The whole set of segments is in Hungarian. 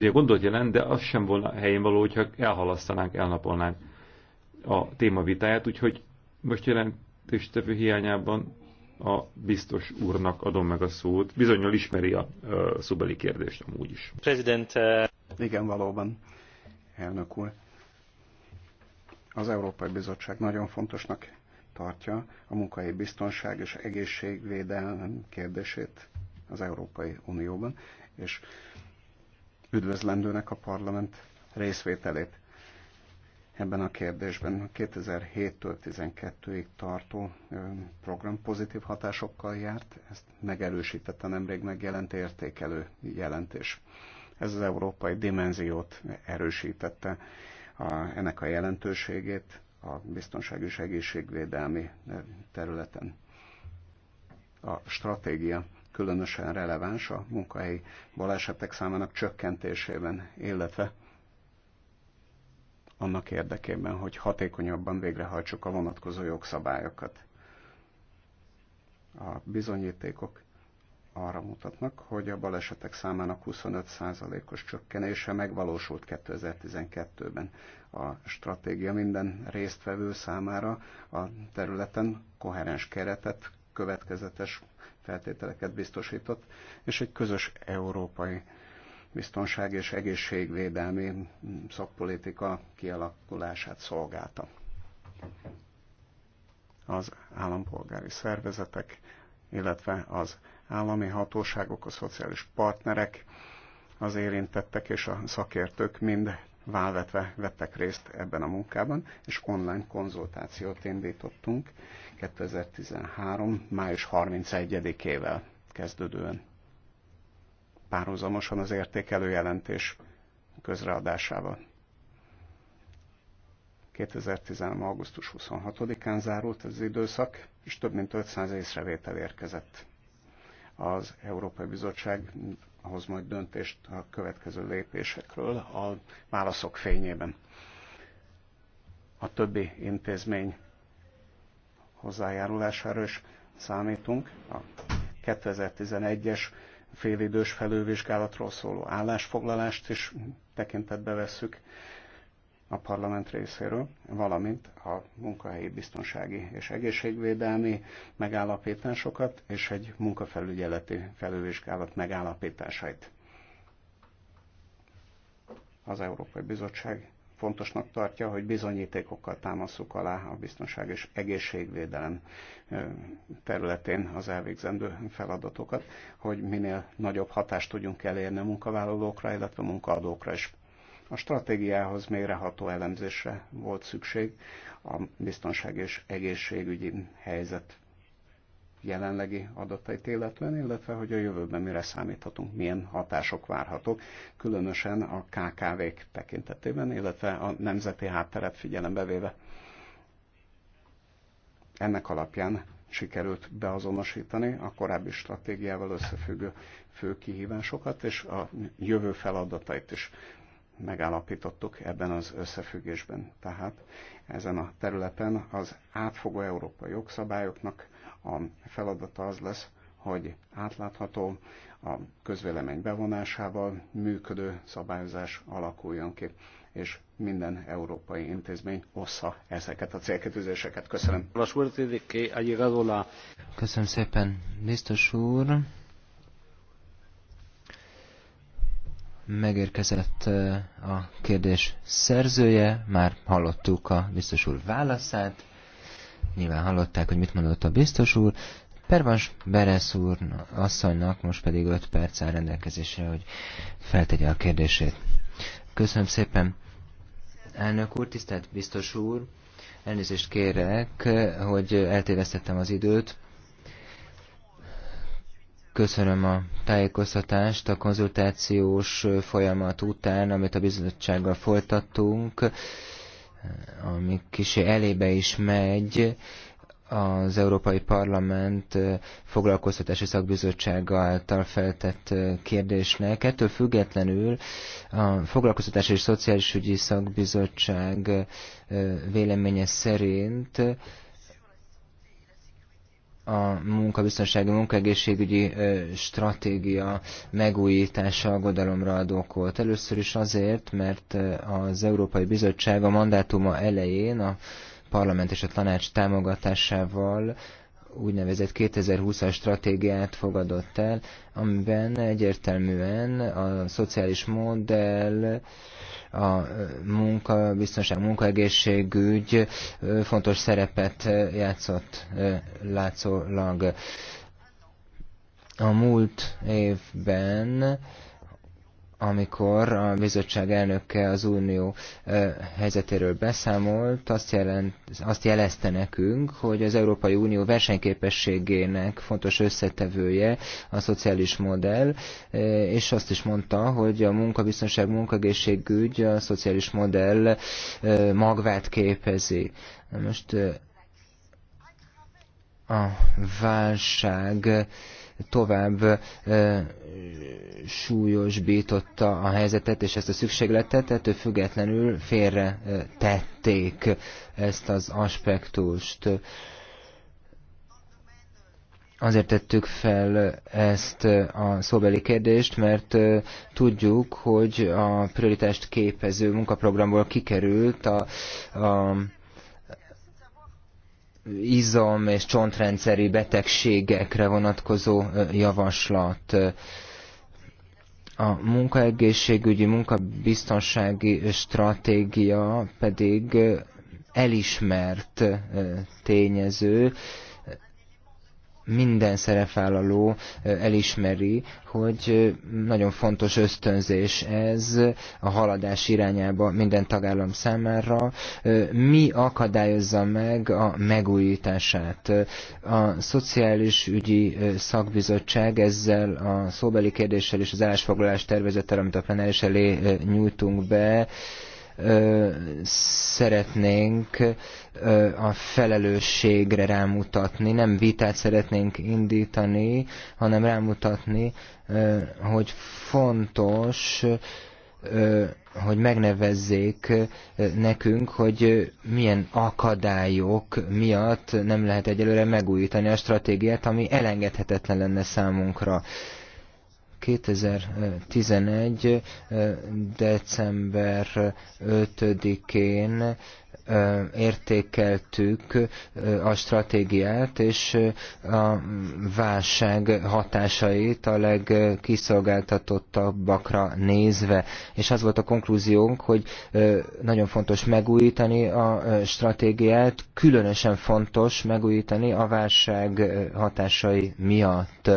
ugye gondot jelent, de az sem volna helyén való, hogyha elhalasztanánk, elnapolnánk a témavitáját, úgyhogy most jelentéstevő hiányában a biztos úrnak adom meg a szót. Bizonyal ismeri a, a szubeli kérdést amúgy is. Prezident. uh... Igen, valóban, elnök úr. Az Európai Bizottság nagyon fontosnak tartja a munkai biztonság és egészségvédelem kérdését az Európai Unióban, és üdvözlendőnek a parlament részvételét ebben a kérdésben. A 2007-től 12-ig tartó program pozitív hatásokkal járt, ezt megerősítette nemrég megjelent értékelő jelentés. Ez az európai dimenziót erősítette, a, ennek a jelentőségét a biztonsági és egészségvédelmi területen. A stratégia különösen releváns a munkahelyi balesetek számának csökkentésében, illetve annak érdekében, hogy hatékonyabban végrehajtsuk a vonatkozó jogszabályokat. A bizonyítékok arra mutatnak, hogy a balesetek számának 25%-os csökkenése megvalósult 2012-ben. A stratégia minden résztvevő számára a területen koherens keretet, következetes feltételeket biztosított, és egy közös európai biztonság és egészségvédelmi szakpolitika kialakulását szolgálta. Az állampolgári szervezetek, illetve az állami hatóságok, a szociális partnerek, az érintettek és a szakértők mind válvetve vettek részt ebben a munkában, és online konzultációt indítottunk 2013. május 31-ével kezdődően. Párhuzamosan az értékelő jelentés közreadásával. 2013. augusztus 26-án zárult az időszak, és több mint 500 észrevétel érkezett az Európai Bizottság hoz majd döntést a következő lépésekről a válaszok fényében. A többi intézmény hozzájárulására is számítunk. A 2011-es félidős felővizsgálatról szóló állásfoglalást is tekintetbe vesszük a parlament részéről, valamint a munkahelyi biztonsági és egészségvédelmi megállapításokat és egy munkafelügyeleti felülvizsgálat megállapításait. Az Európai Bizottság fontosnak tartja, hogy bizonyítékokkal támaszuk alá a biztonság és egészségvédelem területén az elvégzendő feladatokat, hogy minél nagyobb hatást tudjunk elérni a munkavállalókra, illetve a munkaadókra is. A stratégiához mélyreható elemzésre volt szükség a biztonság és egészségügyi helyzet jelenlegi adatait illetően, illetve hogy a jövőben mire számíthatunk, milyen hatások várhatók, különösen a KKV-k tekintetében, illetve a nemzeti hátteret figyelembe véve. Ennek alapján sikerült beazonosítani a korábbi stratégiával összefüggő fő kihívásokat, és a jövő feladatait is megállapítottuk ebben az összefüggésben. Tehát ezen a területen az átfogó európai jogszabályoknak a feladata az lesz, hogy átlátható, a közvélemény bevonásával működő szabályozás alakuljon ki, és minden európai intézmény ossza ezeket a célkitűzéseket. Köszönöm. Köszönöm szépen, biztos úr. megérkezett a kérdés szerzője, már hallottuk a biztos úr válaszát, nyilván hallották, hogy mit mondott a biztos úr. Pervas Beresz úr asszonynak most pedig 5 perc áll rendelkezésre, hogy feltegye a kérdését. Köszönöm szépen, elnök úr, tisztelt biztos úr, elnézést kérek, hogy eltévesztettem az időt, Köszönöm a tájékoztatást a konzultációs folyamat után, amit a bizottsággal folytattunk, ami kicsi elébe is megy az Európai Parlament foglalkoztatási szakbizottsága által feltett kérdésnek. Ettől függetlenül a foglalkoztatási és szociális ügyi szakbizottság véleménye szerint a munkabiztonsági, munkaegészségügyi stratégia megújítása aggodalomra ad okot. Először is azért, mert az Európai Bizottság a mandátuma elején a parlament és a tanács támogatásával úgynevezett 2020-as stratégiát fogadott el, amiben egyértelműen a szociális modell, a munka, biztonság, munkaegészségügy fontos szerepet játszott látszólag. A múlt évben amikor a bizottság elnöke az unió helyzetéről beszámolt, azt, jelent, azt jelezte nekünk, hogy az Európai Unió versenyképességének fontos összetevője a szociális modell, és azt is mondta, hogy a munkabiztonság, munkagészségügy a szociális modell magvát képezi. Most a válság tovább súlyosbította a helyzetet és ezt a szükségletet, ettől függetlenül félre tették ezt az aspektust. Azért tettük fel ezt a szóbeli kérdést, mert tudjuk, hogy a prioritást képező munkaprogramból kikerült a, a izom- és csontrendszeri betegségekre vonatkozó javaslat a munkaegészségügyi, munkabiztonsági stratégia pedig elismert tényező, minden szerepvállaló elismeri, hogy nagyon fontos ösztönzés ez a haladás irányába minden tagállam számára. Mi akadályozza meg a megújítását? A Szociális Ügyi Szakbizottság ezzel a szóbeli kérdéssel és az állásfoglalás tervezettel, amit a plenáris elé nyújtunk be, szeretnénk a felelősségre rámutatni, nem vitát szeretnénk indítani, hanem rámutatni, hogy fontos, hogy megnevezzék nekünk, hogy milyen akadályok miatt nem lehet egyelőre megújítani a stratégiát, ami elengedhetetlen lenne számunkra. 2011. december 5-én értékeltük a stratégiát és a válság hatásait a legkiszolgáltatottabbakra nézve. És az volt a konklúziónk, hogy nagyon fontos megújítani a stratégiát, különösen fontos megújítani a válság hatásai miatt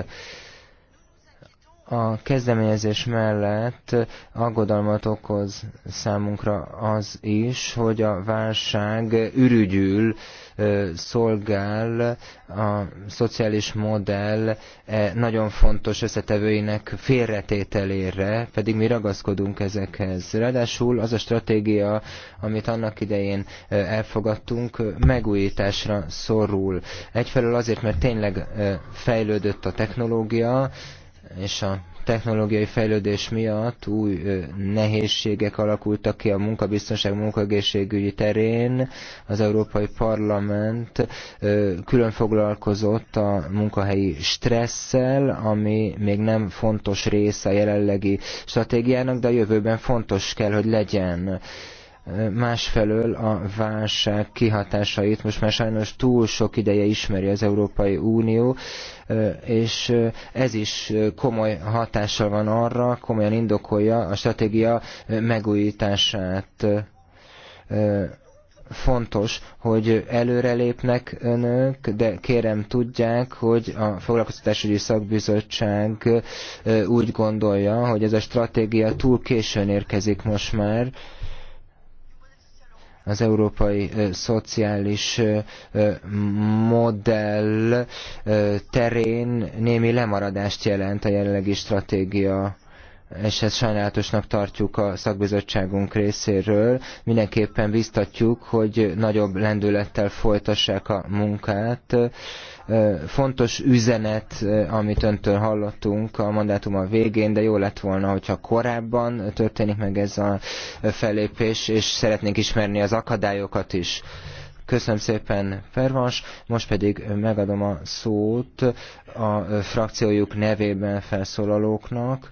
a kezdeményezés mellett aggodalmat okoz számunkra az is, hogy a válság ürügyül szolgál a szociális modell e nagyon fontos összetevőinek félretételére, pedig mi ragaszkodunk ezekhez. Ráadásul az a stratégia, amit annak idején elfogadtunk, megújításra szorul. Egyfelől azért, mert tényleg fejlődött a technológia, és a technológiai fejlődés miatt új nehézségek alakultak ki a munkabiztonság munkaegészségügyi terén. Az Európai Parlament külön foglalkozott a munkahelyi stresszel, ami még nem fontos része a jelenlegi stratégiának, de a jövőben fontos kell, hogy legyen Másfelől a válság kihatásait most már sajnos túl sok ideje ismeri az Európai Unió, és ez is komoly hatással van arra, komolyan indokolja a stratégia megújítását fontos, hogy előrelépnek önök, de kérem tudják, hogy a foglalkoztatásügyi szakbizottság úgy gondolja, hogy ez a stratégia túl későn érkezik most már, az európai szociális modell terén némi lemaradást jelent a jelenlegi stratégia és ezt sajnálatosnak tartjuk a szakbizottságunk részéről. Mindenképpen biztatjuk, hogy nagyobb lendülettel folytassák a munkát, Fontos üzenet, amit öntől hallottunk a mandátum a végén, de jó lett volna, hogyha korábban történik meg ez a fellépés, és szeretnénk ismerni az akadályokat is. Köszönöm szépen, Fervas. Most pedig megadom a szót a frakciójuk nevében felszólalóknak.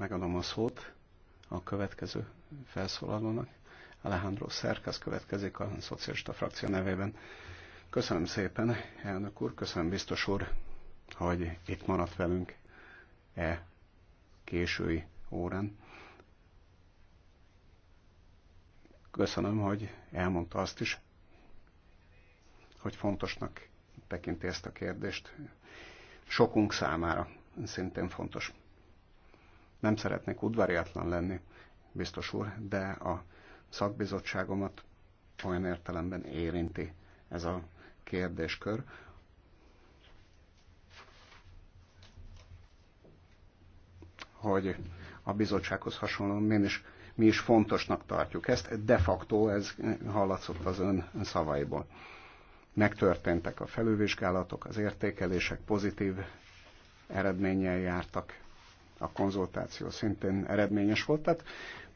megadom a szót a következő felszólalónak. Alejandro Szerkesz következik a szocialista frakció nevében. Köszönöm szépen, elnök úr, köszönöm biztos úr, hogy itt maradt velünk e késői órán. Köszönöm, hogy elmondta azt is, hogy fontosnak tekinti ezt a kérdést. Sokunk számára szintén fontos. Nem szeretnék udvariatlan lenni, biztos úr, de a szakbizottságomat olyan értelemben érinti ez a kérdéskör, hogy a bizottsághoz hasonlóan mi is, mi is fontosnak tartjuk ezt. De facto ez hallatszott az ön szavaiból. Megtörténtek a felülvizsgálatok, az értékelések pozitív eredménnyel jártak, a konzultáció szintén eredményes volt. Tehát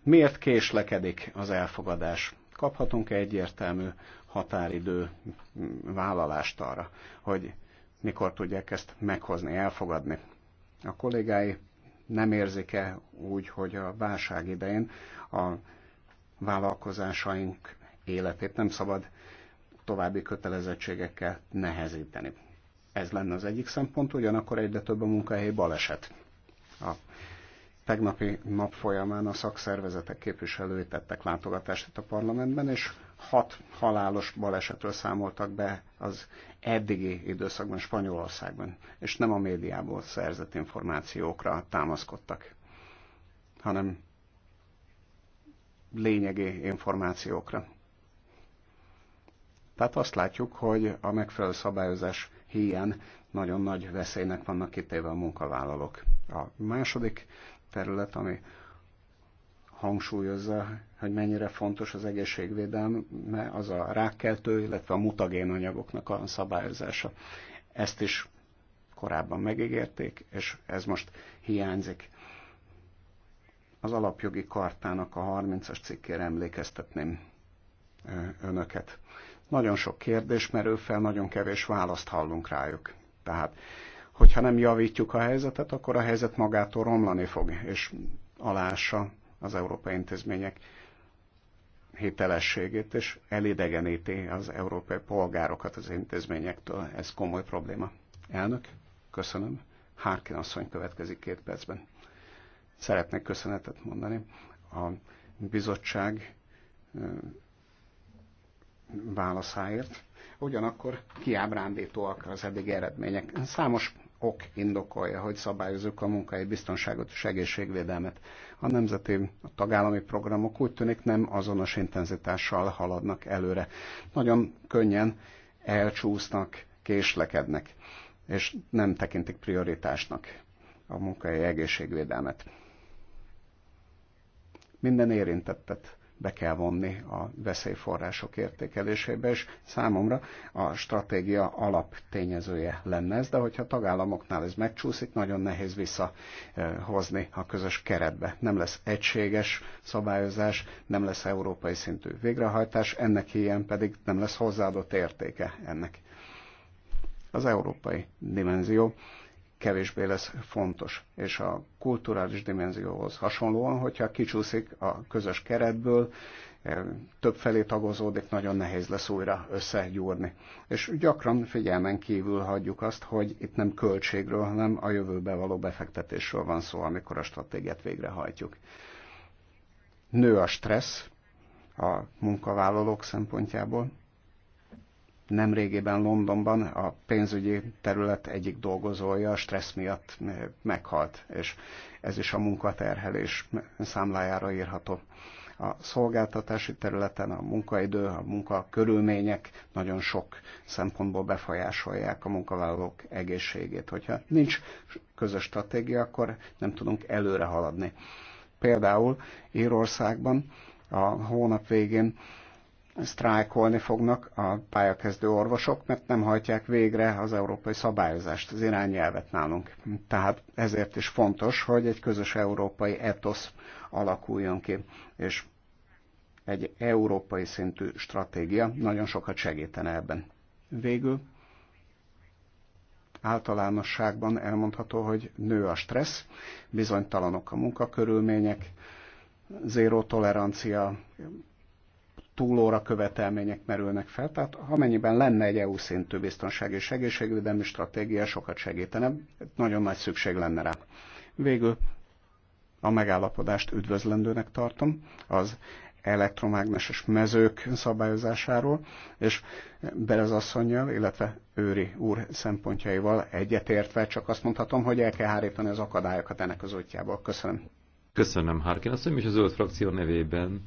miért késlekedik az elfogadás? Kaphatunk -e egyértelmű határidő vállalást arra, hogy mikor tudják ezt meghozni, elfogadni? A kollégái nem érzik-e úgy, hogy a válság idején a vállalkozásaink életét nem szabad további kötelezettségekkel nehezíteni. Ez lenne az egyik szempont, ugyanakkor egyre több a munkahelyi baleset. A tegnapi nap folyamán a szakszervezetek képviselői tettek látogatást itt a parlamentben, és hat halálos balesetről számoltak be az eddigi időszakban Spanyolországban, és nem a médiából szerzett információkra támaszkodtak, hanem lényegi információkra. Tehát azt látjuk, hogy a megfelelő szabályozás hiány nagyon nagy veszélynek vannak kitéve a munkavállalók. A második terület, ami hangsúlyozza, hogy mennyire fontos az egészségvédelme, az a rákkeltő, illetve a mutagén anyagoknak a szabályozása. Ezt is korábban megígérték, és ez most hiányzik. Az alapjogi kartának a 30-as cikkére emlékeztetném önöket. Nagyon sok kérdés merül fel, nagyon kevés választ hallunk rájuk. Tehát, hogyha nem javítjuk a helyzetet, akkor a helyzet magától romlani fog, és alássa az európai intézmények hitelességét, és elidegeníti az európai polgárokat az intézményektől. Ez komoly probléma. Elnök, köszönöm. Hárkin asszony következik két percben. Szeretnék köszönetet mondani. A bizottság válaszáért ugyanakkor kiábrándítóak az eddig eredmények. Számos ok indokolja, hogy szabályozzuk a munkai biztonságot és egészségvédelmet. A nemzeti a tagállami programok úgy tűnik nem azonos intenzitással haladnak előre. Nagyon könnyen elcsúsznak, késlekednek, és nem tekintik prioritásnak a munkai egészségvédelmet. Minden érintettet be kell vonni a veszélyforrások értékelésébe, és számomra a stratégia alaptényezője lenne ez, de hogyha a tagállamoknál ez megcsúszik, nagyon nehéz visszahozni a közös keretbe. Nem lesz egységes szabályozás, nem lesz európai szintű végrehajtás, ennek ilyen pedig nem lesz hozzáadott értéke ennek. Az európai dimenzió kevésbé lesz fontos. És a kulturális dimenzióhoz hasonlóan, hogyha kicsúszik a közös keretből, e, több felé tagozódik, nagyon nehéz lesz újra összegyúrni. És gyakran figyelmen kívül hagyjuk azt, hogy itt nem költségről, hanem a jövőbe való befektetésről van szó, amikor a stratégiát végrehajtjuk. Nő a stressz a munkavállalók szempontjából, Nemrégében Londonban a pénzügyi terület egyik dolgozója stressz miatt eh, meghalt, és ez is a munkaterhelés számlájára írható. A szolgáltatási területen a munkaidő, a munkakörülmények nagyon sok szempontból befolyásolják a munkavállalók egészségét. Hogyha nincs közös stratégia, akkor nem tudunk előre haladni. Például Írországban a hónap végén sztrájkolni fognak a pályakezdő orvosok, mert nem hajtják végre az európai szabályozást, az irányelvet nálunk. Tehát ezért is fontos, hogy egy közös európai etosz alakuljon ki, és egy európai szintű stratégia nagyon sokat segítene ebben. Végül általánosságban elmondható, hogy nő a stressz, bizonytalanok a munkakörülmények, zéró tolerancia, túlóra követelmények merülnek fel, tehát amennyiben lenne egy EU szintű biztonsági és egészségvédelmi stratégia, sokat segítene, nagyon nagy szükség lenne rá. Végül a megállapodást üdvözlendőnek tartom, az elektromágneses mezők szabályozásáról, és Berez asszonyjal, illetve Őri úr szempontjaival egyetértve csak azt mondhatom, hogy el kell hárítani az akadályokat ennek az útjából. Köszönöm. Köszönöm, Harkin. Azt mondom, és a zöld frakció nevében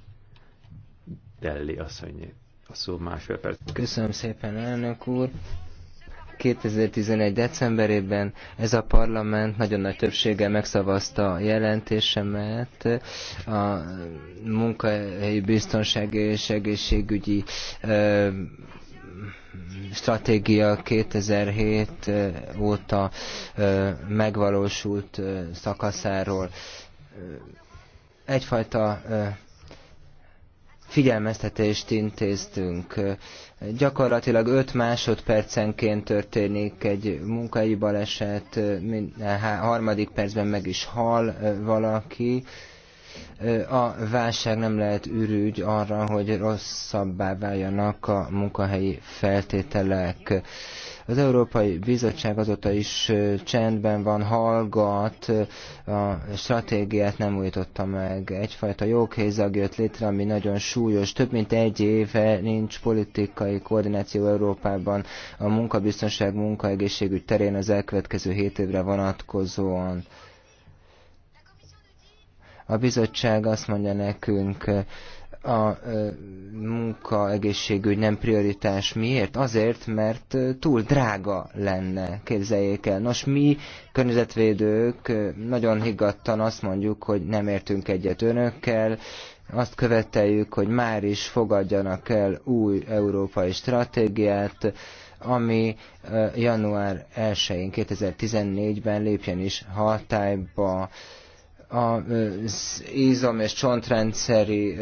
Delli asszonyé. A szó másfél perc. Köszönöm szépen, elnök úr. 2011. decemberében ez a parlament nagyon nagy többséggel megszavazta a jelentésemet a munkahelyi biztonság és egészségügyi stratégia 2007 óta megvalósult szakaszáról. Egyfajta figyelmeztetést intéztünk. Gyakorlatilag 5 másodpercenként történik egy munkai baleset, minden harmadik percben meg is hal valaki. A válság nem lehet ürügy arra, hogy rosszabbá váljanak a munkahelyi feltételek az Európai Bizottság azóta is csendben van, hallgat, a stratégiát nem újította meg. Egyfajta jókézag jött létre, ami nagyon súlyos. Több mint egy éve nincs politikai koordináció Európában a munkabiztonság, munkaegészségügy terén az elkövetkező hét évre vonatkozóan a bizottság azt mondja nekünk, a munkaegészségügy nem prioritás. Miért? Azért, mert túl drága lenne, képzeljék el. Nos, mi környezetvédők nagyon higgadtan azt mondjuk, hogy nem értünk egyet önökkel, azt követeljük, hogy már is fogadjanak el új európai stratégiát, ami január 1-én 2014-ben lépjen is hatályba az izom- és csontrendszeri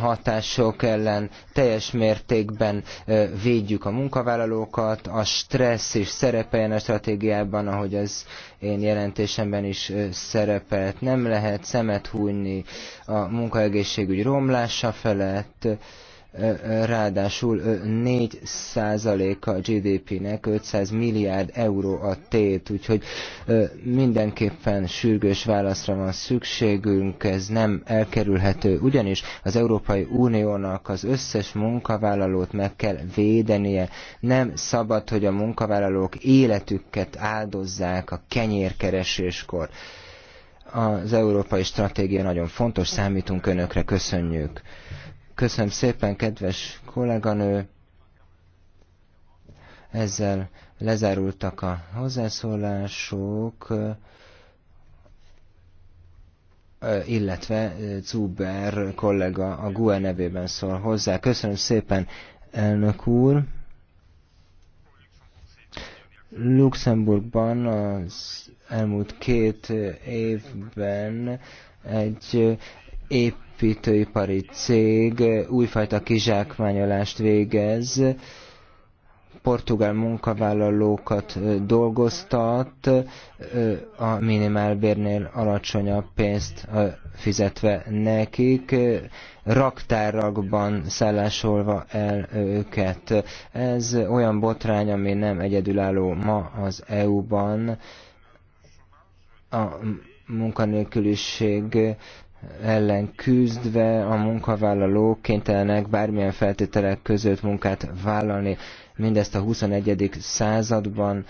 hatások ellen teljes mértékben védjük a munkavállalókat, a stressz is szerepeljen a stratégiában, ahogy az én jelentésemben is szerepelt. Nem lehet szemet hújni a munkaegészségügy romlása felett, ráadásul 4 a GDP-nek 500 milliárd euró a tét, úgyhogy mindenképpen sürgős válaszra van szükségünk, ez nem elkerülhető, ugyanis az Európai Uniónak az összes munkavállalót meg kell védenie, nem szabad, hogy a munkavállalók életüket áldozzák a kenyérkereséskor. Az európai stratégia nagyon fontos, számítunk önökre, köszönjük. Köszönöm szépen, kedves kolléganő! Ezzel lezárultak a hozzászólások, illetve Zuber kollega a GUE nevében szól hozzá. Köszönöm szépen, elnök úr! Luxemburgban az elmúlt két évben egy épp építőipari cég újfajta kizsákmányolást végez, portugál munkavállalókat dolgoztat, a minimálbérnél alacsonyabb pénzt fizetve nekik, raktárakban szállásolva el őket. Ez olyan botrány, ami nem egyedülálló ma az EU-ban. A munkanélküliség ellen küzdve a munkavállalók kénytelenek bármilyen feltételek között munkát vállalni. Mindezt a 21. században,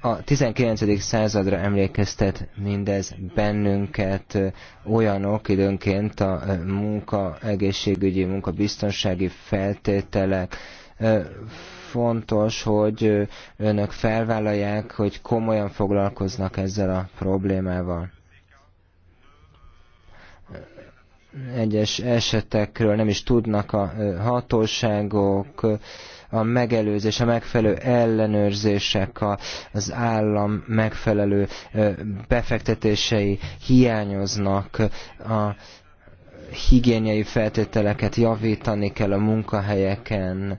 a 19. századra emlékeztet mindez bennünket olyanok időnként a munka, egészségügyi, munka, biztonsági feltételek, fontos, hogy önök felvállalják, hogy komolyan foglalkoznak ezzel a problémával egyes esetekről nem is tudnak a hatóságok, a megelőzés, a megfelelő ellenőrzések, az állam megfelelő befektetései hiányoznak, a higiéniai feltételeket javítani kell a munkahelyeken,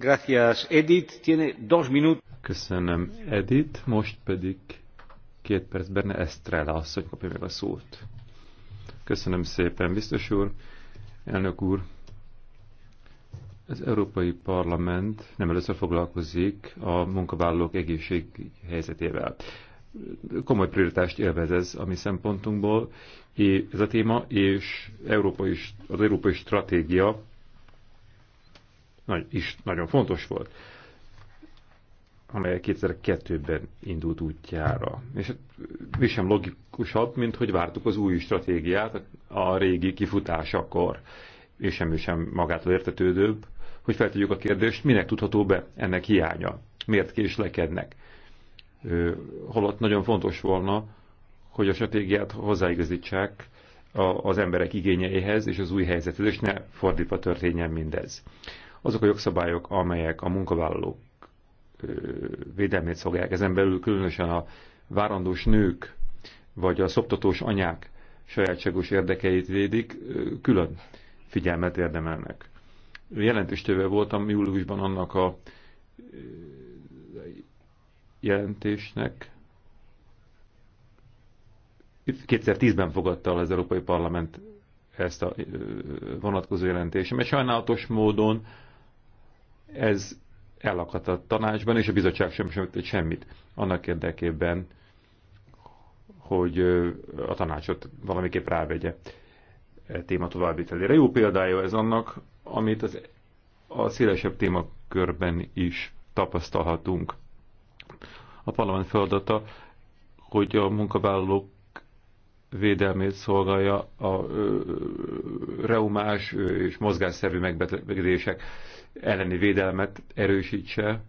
Gracias, Edith. Tiene dos minut. Köszönöm, Edith. Most pedig két percben Estrella asszony kapja meg a szót. Köszönöm szépen, biztos úr, elnök úr. Az Európai Parlament nem először foglalkozik a munkavállalók helyzetével. Komoly prioritást élvez ez a mi szempontunkból. Ez a téma, és Európa is, az Európai Stratégia nagy, is nagyon fontos volt, amely 2002-ben indult útjára. És hát mi sem logikusabb, mint hogy vártuk az új stratégiát a régi kifutásakor, és semmi sem magától értetődőbb, hogy feltegyük a kérdést, minek tudható be ennek hiánya, miért késlekednek. Holott nagyon fontos volna, hogy a stratégiát hozzáigazítsák az emberek igényeihez és az új helyzethez, és ne fordítva történjen mindez azok a jogszabályok, amelyek a munkavállalók védelmét szolgálják, ezen belül különösen a várandós nők vagy a szoptatós anyák sajátságos érdekeit védik, külön figyelmet érdemelnek. Jelentős tőve voltam júliusban annak a jelentésnek, 2010-ben fogadta az Európai Parlament ezt a vonatkozó jelentést, mert sajnálatos módon ez elakadt a tanácsban, és a bizottság sem sem tett semmit annak érdekében, hogy a tanácsot valamiképp rávegye e téma továbbvitelére. Jó példája ez annak, amit az, a szélesebb témakörben is tapasztalhatunk. A parlament feladata, hogy a munkavállalók védelmét szolgálja a ö, reumás és mozgásszervű megbetegedések elleni védelmet erősítse.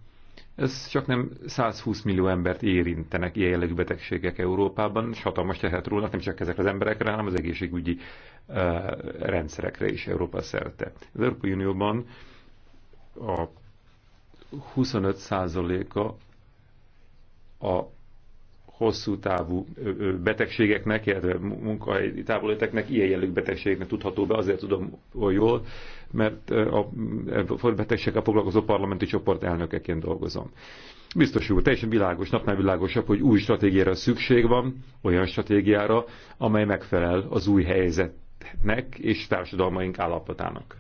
Ez csak nem 120 millió embert érintenek ilyen jellegű betegségek Európában, és hatalmas tehet róla, nem csak ezekre az emberekre, hanem az egészségügyi uh, rendszerekre is Európa szerte. Az Európai Unióban a 25%-a a hosszú távú betegségeknek, illetve munkai távolíteknek, ilyen jellegű betegségeknek tudható be, azért tudom jól, mert a, a betegséggel foglalkozó parlamenti csoport elnökeként dolgozom. Biztos úr, teljesen világos, napnál világosabb, hogy új stratégiára szükség van, olyan stratégiára, amely megfelel az új helyzetnek és társadalmaink állapotának.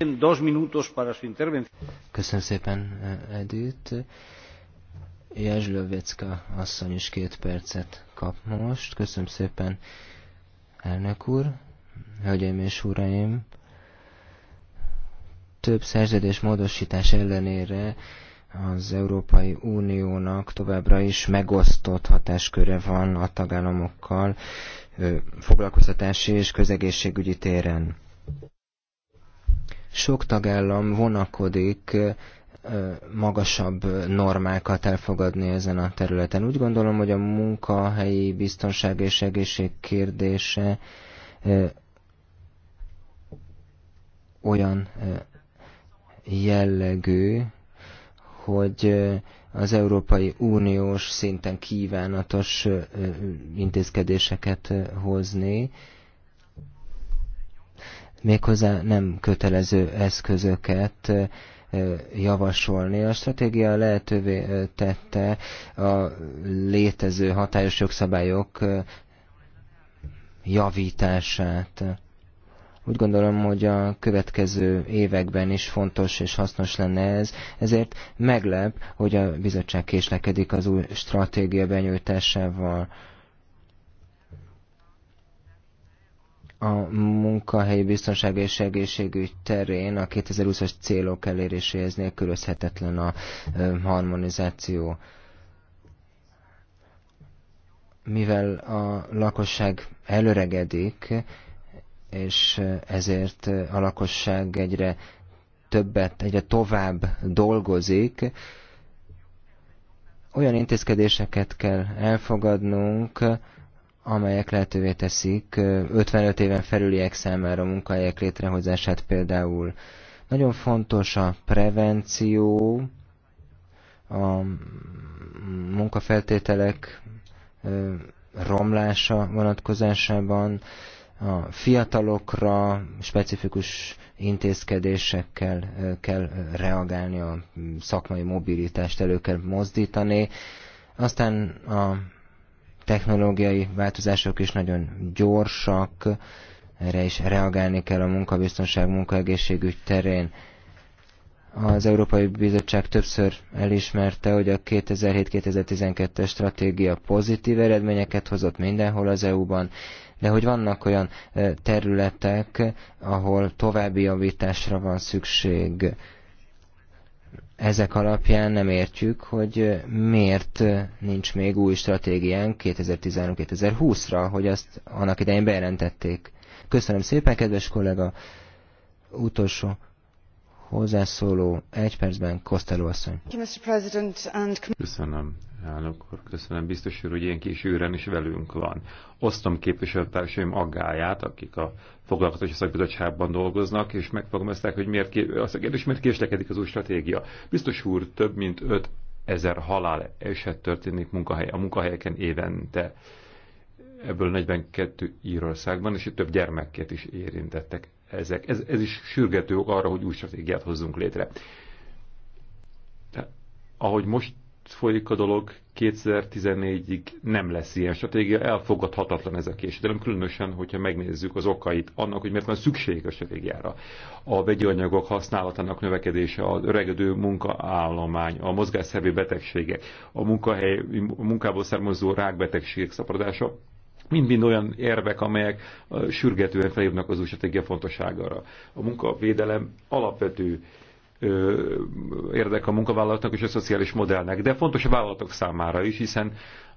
Köszönöm szépen, Edith. Jezslövecka asszony is két percet kap most. Köszönöm szépen, elnök úr, hölgyeim és uraim több szerződés módosítás ellenére az Európai Uniónak továbbra is megosztott hatásköre van a tagállamokkal foglalkoztatási és közegészségügyi téren. Sok tagállam vonakodik magasabb normákat elfogadni ezen a területen. Úgy gondolom, hogy a munkahelyi biztonság és egészség kérdése olyan jellegű, hogy az Európai Uniós szinten kívánatos intézkedéseket hozni, méghozzá nem kötelező eszközöket javasolni. A stratégia lehetővé tette a létező hatályos jogszabályok javítását. Úgy gondolom, hogy a következő években is fontos és hasznos lenne ez, ezért meglep, hogy a bizottság késlekedik az új stratégia benyújtásával. a munkahelyi biztonság és egészségügy terén a 2020-as célok eléréséhez nélkülözhetetlen a harmonizáció. Mivel a lakosság előregedik, és ezért a lakosság egyre többet, egyre tovább dolgozik. Olyan intézkedéseket kell elfogadnunk, amelyek lehetővé teszik 55 éven felüliek számára munkahelyek létrehozását például. Nagyon fontos a prevenció, a munkafeltételek romlása vonatkozásában, a fiatalokra specifikus intézkedésekkel kell reagálni, a szakmai mobilitást elő kell mozdítani. Aztán a technológiai változások is nagyon gyorsak, erre is reagálni kell a munkabiztonság, munkaegészségügy terén. Az Európai Bizottság többször elismerte, hogy a 2007-2012-es stratégia pozitív eredményeket hozott mindenhol az EU-ban, de hogy vannak olyan területek, ahol további javításra van szükség. Ezek alapján nem értjük, hogy miért nincs még új stratégiánk 2013-2020-ra, hogy azt annak idején bejelentették. Köszönöm szépen, kedves kollega! Utolsó hozzászóló egy percben kostelő asszony. Köszönöm, elnök úr, köszönöm biztos úr, hogy ilyen kis őren is velünk van. Osztom képviselőtársaim aggáját, akik a foglalkozási szakbizottságban dolgoznak, és megfogalmazták, hogy miért, azt a kérdés, miért késlekedik az új stratégia. Biztos úr, több mint 5 ezer halál eset történik munkahely, a munkahelyeken évente. Ebből 42 Írországban, és itt több gyermekket is érintettek ezek. Ez, ez is sürgető ok arra, hogy új stratégiát hozzunk létre. De, ahogy most folyik a dolog, 2014-ig nem lesz ilyen stratégia, elfogadhatatlan ez a késedelem, különösen, hogyha megnézzük az okait annak, hogy miért van szükség a stratégiára. A vegyi anyagok használatának növekedése, az öregedő munkaállomány, a mozgásszervi betegségek, a, munkahely, a munkából származó rákbetegségek szaporodása, mind-mind olyan érvek, amelyek sürgetően felhívnak az új stratégia fontosságára. A munkavédelem alapvető érdek a munkavállalatnak és a szociális modellnek, de fontos a vállalatok számára is, hiszen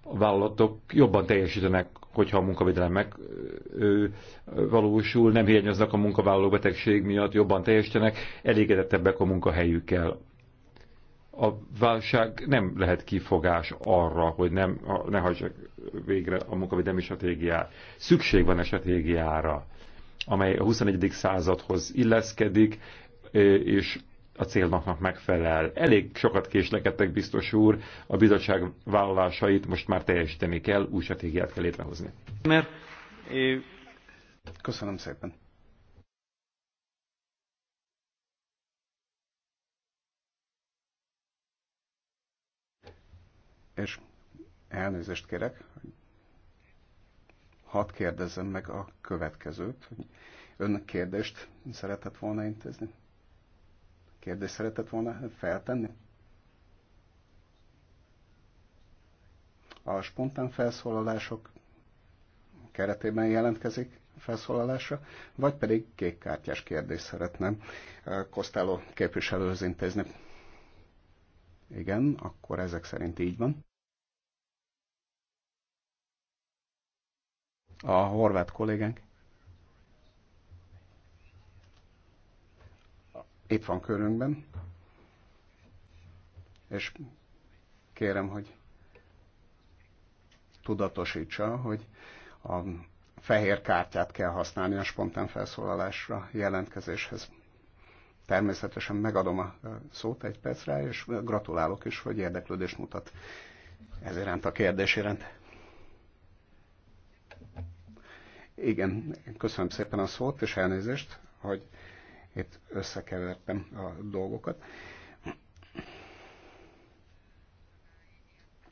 a vállalatok jobban teljesítenek, hogyha a munkavédelem megvalósul, nem hiányoznak a munkavállaló betegség miatt, jobban teljesítenek, elégedettebbek a munkahelyükkel a válság nem lehet kifogás arra, hogy nem, ne hagyják végre a munkavédelmi stratégiát. Szükség van a stratégiára, amely a 21. századhoz illeszkedik, és a célnak megfelel. Elég sokat késlekedtek, biztos úr, a bizottság vállalásait most már teljesíteni kell, új stratégiát kell létrehozni. Mert... Köszönöm szépen. És elnézést kérek, hadd kérdezzem meg a következőt, hogy ön kérdést szeretett volna intézni? Kérdést szeretett volna feltenni? A spontán felszólalások keretében jelentkezik felszólalásra, vagy pedig kékkártyás kérdést szeretném Kosztáló eh, képviselőhöz intézni. Igen, akkor ezek szerint így van. A horvát kollégánk. Itt van körünkben. És kérem, hogy tudatosítsa, hogy a fehér kártyát kell használni a spontán felszólalásra jelentkezéshez. Természetesen megadom a szót egy percre, és gratulálok is, hogy érdeklődést mutat ez iránt a kérdés iránt. Igen, köszönöm szépen a szót és elnézést, hogy itt összekevertem a dolgokat.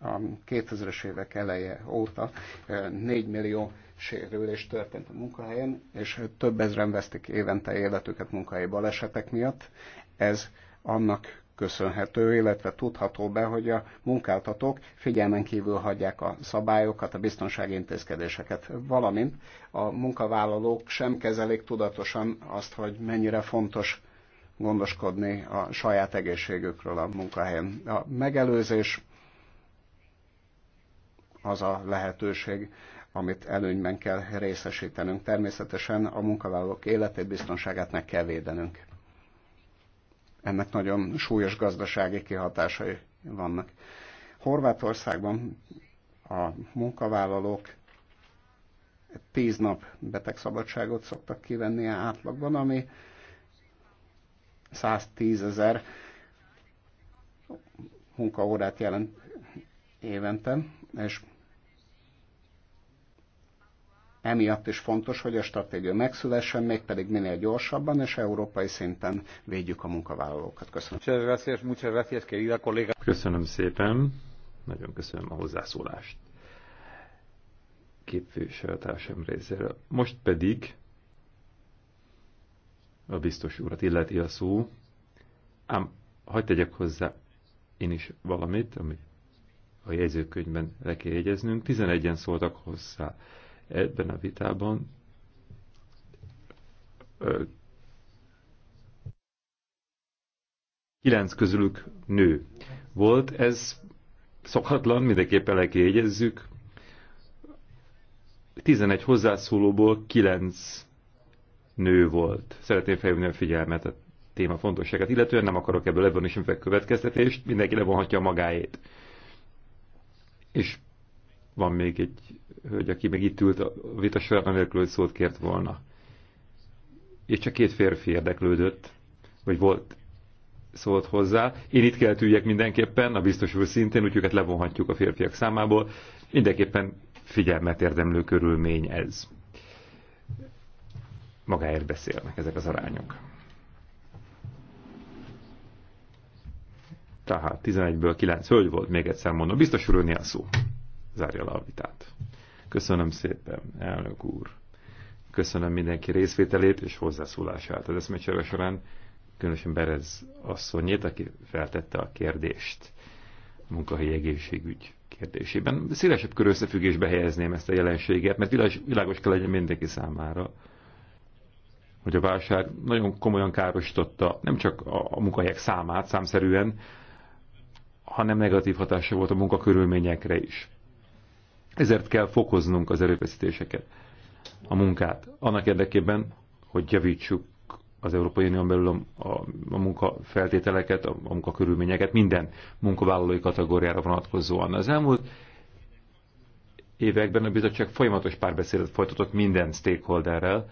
a 2000-es évek eleje óta 4 millió sérülés történt a munkahelyen, és több ezren vesztik évente életüket munkahelyi balesetek miatt. Ez annak köszönhető, illetve tudható be, hogy a munkáltatók figyelmen kívül hagyják a szabályokat, a biztonsági intézkedéseket, valamint a munkavállalók sem kezelik tudatosan azt, hogy mennyire fontos gondoskodni a saját egészségükről a munkahelyen. A megelőzés az a lehetőség, amit előnyben kell részesítenünk. Természetesen a munkavállalók életét, biztonságát meg kell védenünk. Ennek nagyon súlyos gazdasági kihatásai vannak. Horvátországban a munkavállalók tíz nap betegszabadságot szoktak kivenni átlagban, ami 110 ezer munkaórát jelent évente, és Emiatt is fontos, hogy a stratégia megszülessen, mégpedig minél gyorsabban és európai szinten védjük a munkavállalókat. Köszönöm. Köszönöm szépen. Nagyon köszönöm a hozzászólást képviselőtársam részéről. Most pedig a biztos urat illeti a szó, ám hagyd tegyek hozzá én is valamit, amit a jegyzőkönyvben le kell jegyeznünk. 11-en szóltak hozzá ebben a vitában kilenc közülük nő volt. Ez szokatlan, mindenképpen lekérjezzük. 11 hozzászólóból 9 nő volt. Szeretném felhívni a figyelmet a téma fontosságát, illetően nem akarok ebből levonni semmi következtetést, mindenki levonhatja magáét. És van még egy hölgy, aki meg itt ült a vita során, anélkül, hogy szót kért volna. És csak két férfi érdeklődött, vagy volt szólt hozzá. Én itt kell üljek mindenképpen, a biztos úr szintén, úgyhogy őket hát levonhatjuk a férfiak számából. Mindenképpen figyelmet érdemlő körülmény ez. Magáért beszélnek ezek az arányok. Tehát 11-ből 9 hölgy volt, még egyszer mondom. Biztos úr, a szó. Zárja le a vitát. Köszönöm szépen, elnök úr. Köszönöm mindenki részvételét és hozzászólását az eszmecsere során, különösen Berez asszonyét, aki feltette a kérdést a munkahelyi egészségügy kérdésében. Szélesebb kör összefüggésbe helyezném ezt a jelenséget, mert világos, világos kell legyen mindenki számára, hogy a válság nagyon komolyan károsította nem csak a, a munkahelyek számát számszerűen, hanem negatív hatása volt a munkakörülményekre is. Ezért kell fokoznunk az erőfeszítéseket, a munkát. Annak érdekében, hogy javítsuk az Európai Unión belül a, a, a munkafeltételeket, a, a munkakörülményeket, minden munkavállalói kategóriára vonatkozóan. Az elmúlt években a bizottság folyamatos párbeszédet folytatott minden stakeholderrel,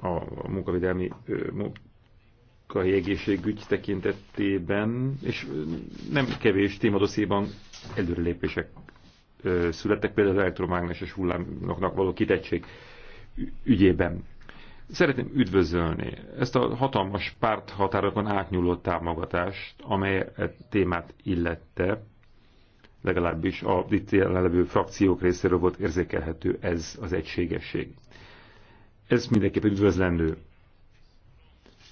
a, a munkavédelmi munkai egészségügy tekintetében, és nem kevés témadoszéban előrelépések születtek, például az elektromágneses hullámoknak való kitettség ügyében. Szeretném üdvözölni ezt a hatalmas párthatárokon átnyúló támogatást, amely a e témát illette, legalábbis a itt jelenlevő frakciók részéről volt érzékelhető ez az egységesség. Ez mindenképpen üdvözlendő.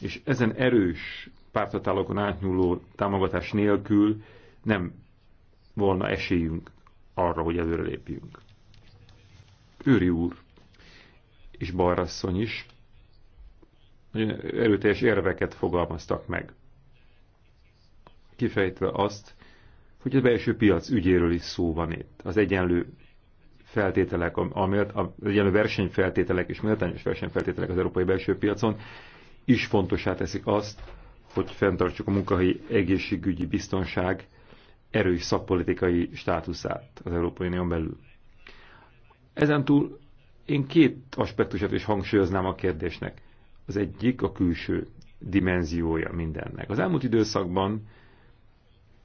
És ezen erős párthatárokon átnyúló támogatás nélkül nem volna esélyünk arra, hogy lépjünk. Őri úr és Balrasszony is nagyon erőteljes érveket fogalmaztak meg. Kifejtve azt, hogy a belső piac ügyéről is szó van itt. Az egyenlő feltételek, amelyet az egyenlő versenyfeltételek és méltányos versenyfeltételek az európai belső piacon is fontosá teszik azt, hogy fenntartsuk a munkahelyi egészségügyi biztonság erős szakpolitikai státuszát az Európai Unión belül. Ezen túl én két aspektusát is hangsúlyoznám a kérdésnek. Az egyik a külső dimenziója mindennek. Az elmúlt időszakban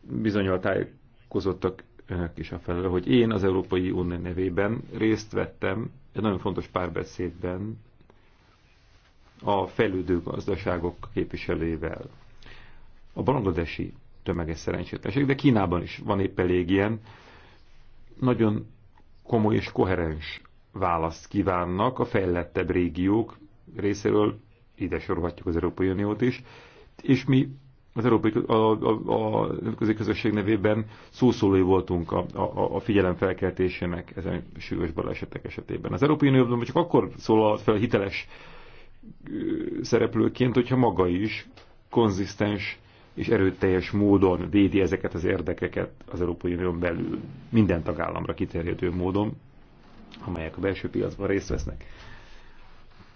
bizonyal tájékozottak önök is a felelő, hogy én az Európai Unió nevében részt vettem egy nagyon fontos párbeszédben a fejlődő gazdaságok képviselőivel. A bangladesi tömeges szerencsétlenség, de Kínában is van épp elég ilyen. Nagyon komoly és koherens választ kívánnak a fejlettebb régiók részéről, ide sorolhatjuk az Európai Uniót is, és mi az Európai a, a, a közösség nevében szószólói voltunk a, a, a figyelem felkeltésének ezen súlyos balesetek esetében. Az Európai Unió csak akkor szólal fel hiteles szereplőként, hogyha maga is konzisztens és erőteljes módon védi ezeket az érdekeket az Európai Unión belül minden tagállamra kiterjedő módon, amelyek a belső piacban részt vesznek.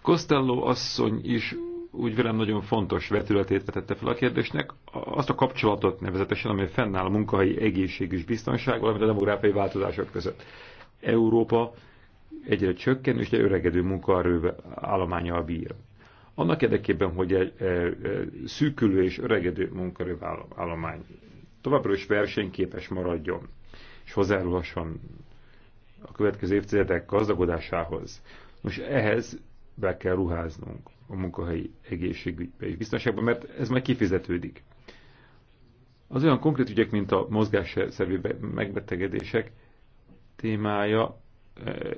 Costello asszony is úgy velem nagyon fontos vetületét vetette fel a kérdésnek, azt a kapcsolatot nevezetesen, amely fennáll a munkahelyi egészség és biztonság, valamint a demográfiai változások között. Európa egyre csökkenő és egyre öregedő munkaerő állományal bír annak érdekében, hogy egy e, e, szűkülő és öregedő munkaerőállomány továbbra is versenyképes maradjon, és hozzárulhasson a következő évtizedek gazdagodásához. Most ehhez be kell ruháznunk a munkahelyi egészségügybe és biztonságba, mert ez majd kifizetődik. Az olyan konkrét ügyek, mint a mozgásszervi megbetegedések témája e,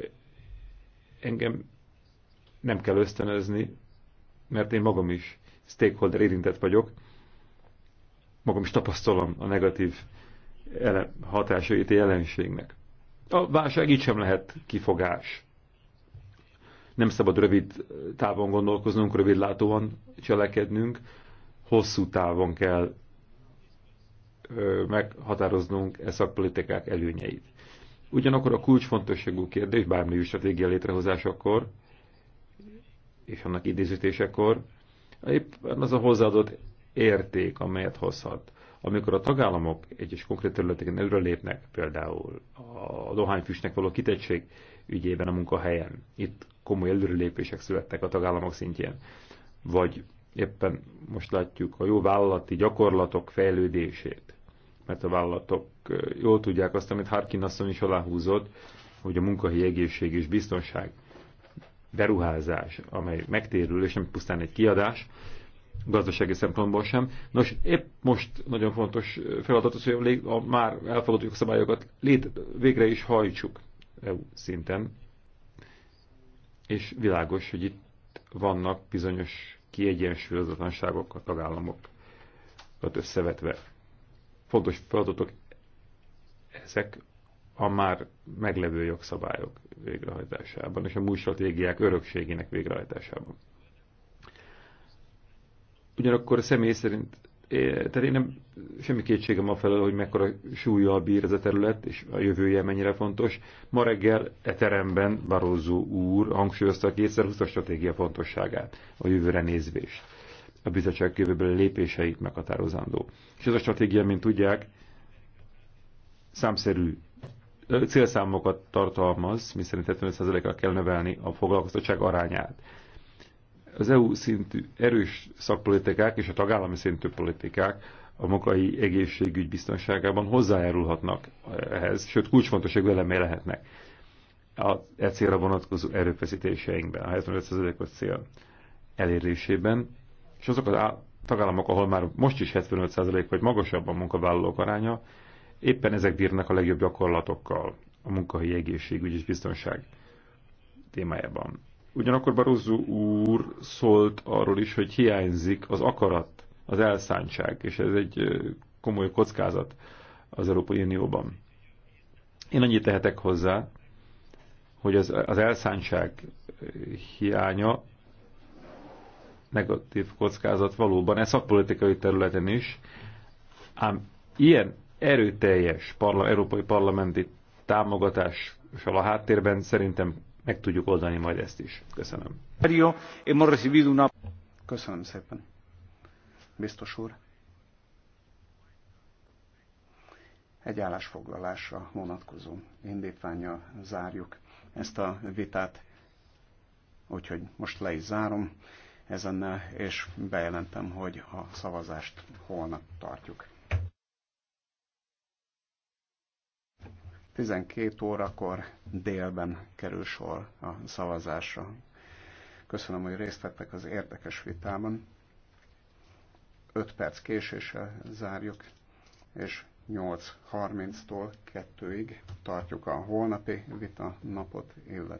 engem nem kell ösztönözni mert én magam is stakeholder érintett vagyok, magam is tapasztalom a negatív hatásait a jelenségnek. A válság így sem lehet kifogás. Nem szabad rövid távon gondolkoznunk, rövidlátóan cselekednünk, hosszú távon kell meghatároznunk e szakpolitikák előnyeit. Ugyanakkor a kulcsfontosságú kérdés bármilyen stratégia létrehozásakor, és annak idézítésekor, éppen az a hozzáadott érték, amelyet hozhat. Amikor a tagállamok egyes konkrét területeken előre lépnek, például a dohányfűsnek való kitettség ügyében a munkahelyen, itt komoly előrelépések születtek a tagállamok szintjén, vagy éppen most látjuk a jó vállalati gyakorlatok fejlődését, mert a vállalatok jól tudják azt, amit Harkin asszony is aláhúzott, hogy a munkahelyi egészség és biztonság beruházás, amely megtérül, és nem pusztán egy kiadás, gazdasági szempontból sem. Nos, épp most nagyon fontos feladat az, hogy a már elfogadott jogszabályokat lét, végre is hajtsuk EU szinten. És világos, hogy itt vannak bizonyos kiegyensúlyozatlanságok a tagállamokat összevetve. Fontos feladatok ezek a már meglevő jogszabályok végrehajtásában és a múlstratégiák örökségének végrehajtásában. Ugyanakkor személy szerint, tehát én nem, semmi kétségem a felel, hogy mekkora súlya bír ez a terület, és a jövője mennyire fontos. Ma reggel e teremben Barózó úr hangsúlyozta a 2020-as stratégia fontosságát, a jövőre nézvést, a bizottság jövőből lépéseit meghatározandó. És ez a stratégia, mint tudják, számszerű célszámokat tartalmaz, miszerint 75%-kal kell növelni a foglalkoztatottság arányát. Az EU szintű erős szakpolitikák és a tagállami szintű politikák a munkai egészségügy biztonságában hozzájárulhatnak ehhez, sőt kulcsfontosságú elemé lehetnek a e célra vonatkozó erőfeszítéseinkben, a 75%-os cél elérésében, és azok az tagállamok, ahol már most is 75% vagy magasabb a munkavállalók aránya, Éppen ezek bírnak a legjobb gyakorlatokkal a munkahelyi egészségügy és biztonság témájában. Ugyanakkor Barozó úr szólt arról is, hogy hiányzik az akarat, az elszántság, és ez egy komoly kockázat az Európai Unióban. Én annyit tehetek hozzá, hogy az, az elszántság hiánya negatív kockázat valóban, ez szakpolitikai területen is, ám ilyen erőteljes parla európai parlamenti támogatással a háttérben szerintem meg tudjuk oldani majd ezt is. Köszönöm. Köszönöm szépen. Biztos úr. Egy állásfoglalásra vonatkozó indítványa zárjuk ezt a vitát. Úgyhogy most le is zárom ezennel, és bejelentem, hogy a szavazást holnap tartjuk. 12 órakor délben kerül sor a szavazásra. Köszönöm, hogy részt vettek az érdekes vitában. 5 perc késéssel zárjuk, és 8.30-tól 2-ig tartjuk a holnapi vita napot, illetve